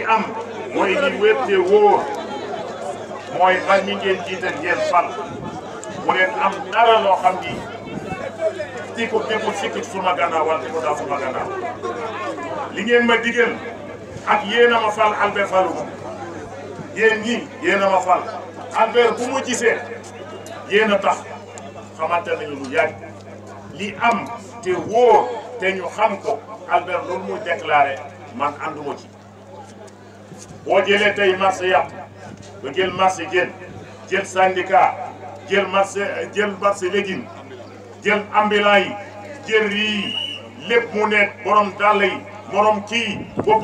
li am mooy li wér te wóor mooy man mi ngeen jiite ngeen fal mu leen am dara xam ni di ko di ko sikkit suma gannaaw daa suma gannaaw li ngeen ma digal ak yéen a ma fal Albert falu ma yéen ñi yéen a fal Albert bu mu gisee yéen a tax xamante nañu lu yàgg li am te wóor te ñu xam ko Albert loolu muy déclaré man ànduma ci boo jëlee tey marché yàpp nga jël marché jën jël syndicat jël marché jël marché légume jël ambulant yi jël riz lépp mu nekk borom dàll yi morom kii bopp